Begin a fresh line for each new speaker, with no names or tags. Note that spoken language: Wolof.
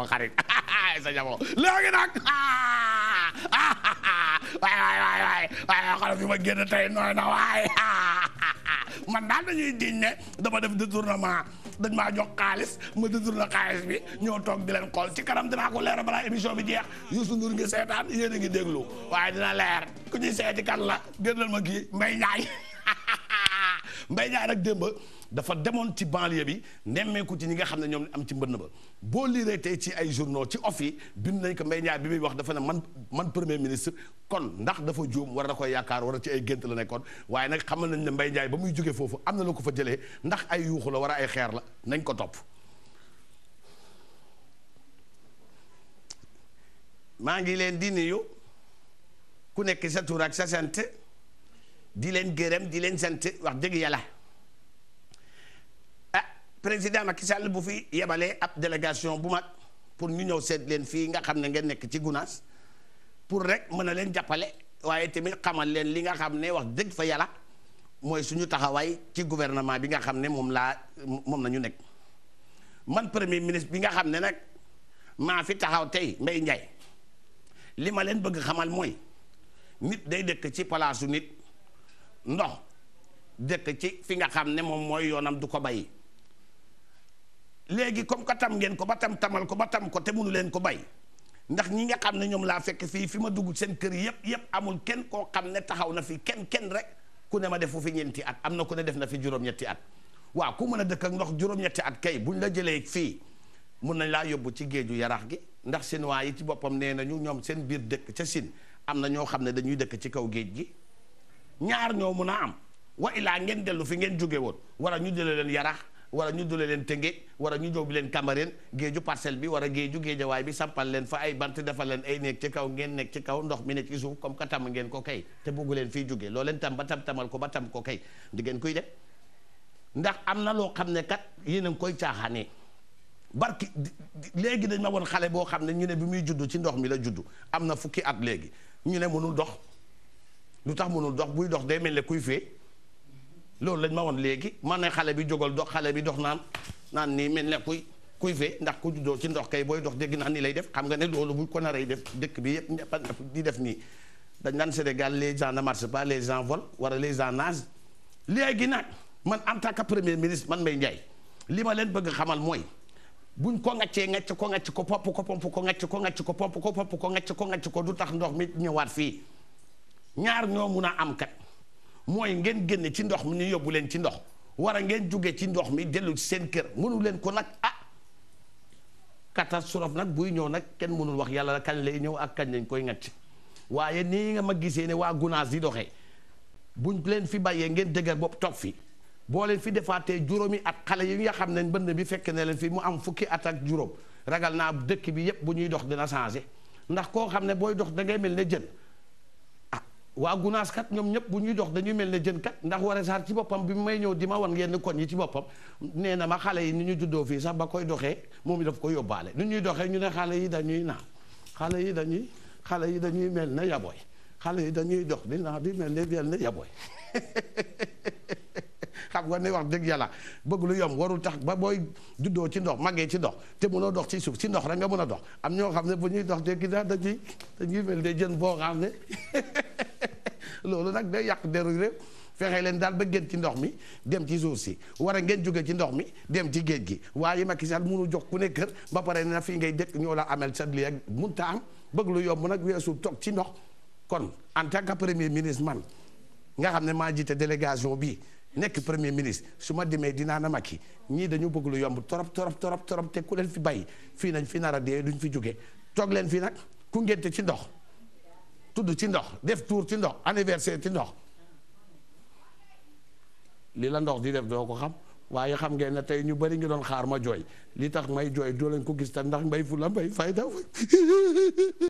sama xarit sa jabo léegi nag waay waay waay waay waay xale fi ma génn tey nooy na waay man daal dañuy diñ ne dama def détournement dañ maa jox xaalis ma détourné xaalis bi ñoo toog di leen xool ci kanam dinaa ko leer balaa émission bi jeex Youssou Ndour ngi seetaan yéen a ngi déglu waaye dina leer ku ñuy seeti kan la génnal ma kii Mbaye Ndiaye Mbaye Ndiaye nag démb dafa demoon ci banlieue bi nemmeeku ci ñi nga xam ne ñoom am ci mbënn ba boo liiree tey ci ay journaux ci of yi bind nañ ko Mbaye Ndiaye bi muy wax dafa ne man man premier ministre kon ndax dafa juum war na koy yaakaar war ci ay gént la nekkoon waaye nag xamal nañ ne Mbaye Ndiaye ba muy jógee la ko fa jëlee ndax ay yuuxu la war ay xeer la nañ ko topp maa ngi leen di nuyu ku nekk sa tur ak sa sant di leen gërëm di leen sant wax dëgg yàlla président Macky Sall bu fi yebalee ab délégation bu mag pour ñu ñëw seet leen fii nga xam ne ngeen nekk ci Gunaas pour rek mën na leen jàppale waaye tamit xamal leen li nga xam ne wax dëgg fa yàlla mooy suñu taxawaay ci gouvernement bi nga xam ne moom laa moom la nekk man premier ministre bi nga xam ne nag maa fi taxaw tey Mbaye Ndiaye li ma leen bëgg xamal mooy nit day dëkk ci palaasu nit ndox dëkk ci fi nga xam ne moom mooy yoonam du ko bàyyi léegi comme que tam ngeen ko ba tam tamal ko ba tam ko te mënu leen ko bay ndax ñi nga xam ne ñoom laa fekk fii fi ma dugg seen kër yëpp yëpp amul kenn koo xam ne taxaw na fi kenn kenn rek ku ne ma defu fi ñeenti at am na ku ne def na fi juróom at waaw mën a dëkk ak ndox juróom-ñetti at kay buñ la jëlee fii mun nañ laa yóbbu ci géeju yaraax gi ndax chinois yi ci boppam nee nañu ñoom seen biir dëkk ca Chine am na ñoo xam ne dañuy dëkk ci kaw géej gi ñaar ñoo mun a am wa ilaa ngeen dellu fi ngeen jóge woon wala ñu jëlee leen yarax wala ñu dule leen Tëngéej wala ñu jóobu leen Cambérène géeju parcelle bi war wala géeju géejawaay bi sampal leen fa ay bant defal leen ay nekk ci kaw ngeen nekk ci kaw ndox mi ne ci suuf comme que tam ngeen ko kay te bëggu leen fii jógee loo tam ba tam tamal ko ba tam ko kay di ngeen koy def ndax am na loo xam ne kat yéen a ngi koy caaxaanee barki léegi dañ ma woon xale boo xam ne ñu ne bi muy juddu ci ndox mi la juddu am na fukki at léegi ñu ne mënul dox lu tax mënul dox buy dox day mel ne kuy fee loolu lañ ma woon léegi man ne xale bi jógal dox xale bi dox naan naan nii mel ne kuy kuy fee ndax ku juddoo ci ndox kay booy dox dégg naa nii lay def xam nga ne loolu bu ko naree def dëkk bi yëpp ñëpp di def nii dañ naan Sénégal les gens ne marchent pas les gens volent wala les gens nagent léegi nag man en tant que premier ministre man may Ndiaye li ma leen bëgg xamal mooy buñ ko ngàccee ngàcc ko ngàcc ko popp ko pomp ko ngàcc ko ngàcc ko pomp ko pomp ko ngàcc ko ngàcc ko du tax ndox mi ñëwaat fii ñaar ñoo mun a am kat mooy ngeen génne ci ndox mi ñu yóbbu leen ci ndox wara ngeen jóge ci ndox mi dellu seen kër mënu leen ko nag ah catastrophe nag buy ñëw nag kenn mënul wax yàlla kañ lay ñëw ak kañ lañ koy ngacc waaye nii nga ma gisee ne waa gunaas di doxee buñ leen fi bàyyee ngeen dëgër bopp toog fi boo leen fi defaatee juróom juróomi at xale yi nga xam ne mbënd bi fekk ne leen fi mu am fukki at ak juróom ragal naa dëkk bi yépp bu ñuy dox dina changé ndax koo xam ne booy dox da ngay mel ne jën waa gunaas kat ñoom ñëpp bu ñuy dox dañuy mel ne jën kat ndax Woré Sarr ci boppam bi mu may ñëw di ma wan yenn koñ yi ci boppam nee na ma xale yi ni ñuy juddoo fii sax ba koy doxee moom daf ko yóbbaale nu ñuy doxee ñu ne xale yi dañuy naa xale yi dañuy xale yi dañuy mel ne yaboy xale yi dañuy dox di naaw di mel ne mel ne yaboy xam nga ne wax dëgg yàlla bëgg lu yom warul tax ba booy juddoo ci ndox màggee ci ndox te mënoo dox ci suuf ci ndox rek nga mën a dox am ñoo xam ne bu ñuy dox te ki daal dañuy dañuy mel ne jën boo xam ne loolu nag day yàq deru réew fexe leen daal ba ngeen ci ndox mi dem ci suuf si war a ngeen jóge ci ndox mi dem ci géej gi waaye Macky Sall mënu jox ku ne kër ba pare na fii ngay dëkk ñoo la amel sa lii ak munta am bëgg lu yomb nag weesu toog ci ndox kon en tant que premier ministre man nga xam ne maa jiite délégation bi nekk premier ministre su ma demee dinaa na Macky ñii dañu bëgg lu yomb torop torop torop torop te ku leen fi bay fii nañ fi nar a dee duñ fi jóge toog leen nag ku ngente ci ndox tudd ci ndox def tour ci ndox anniversaire ci ndox li la ndox di def doo ko xam waaye xam ngeen ne tey ñu bari ngi doon xaar ma jooy li tax may jooy doo lañ ko gis te ndax mbay fu la mbay fayda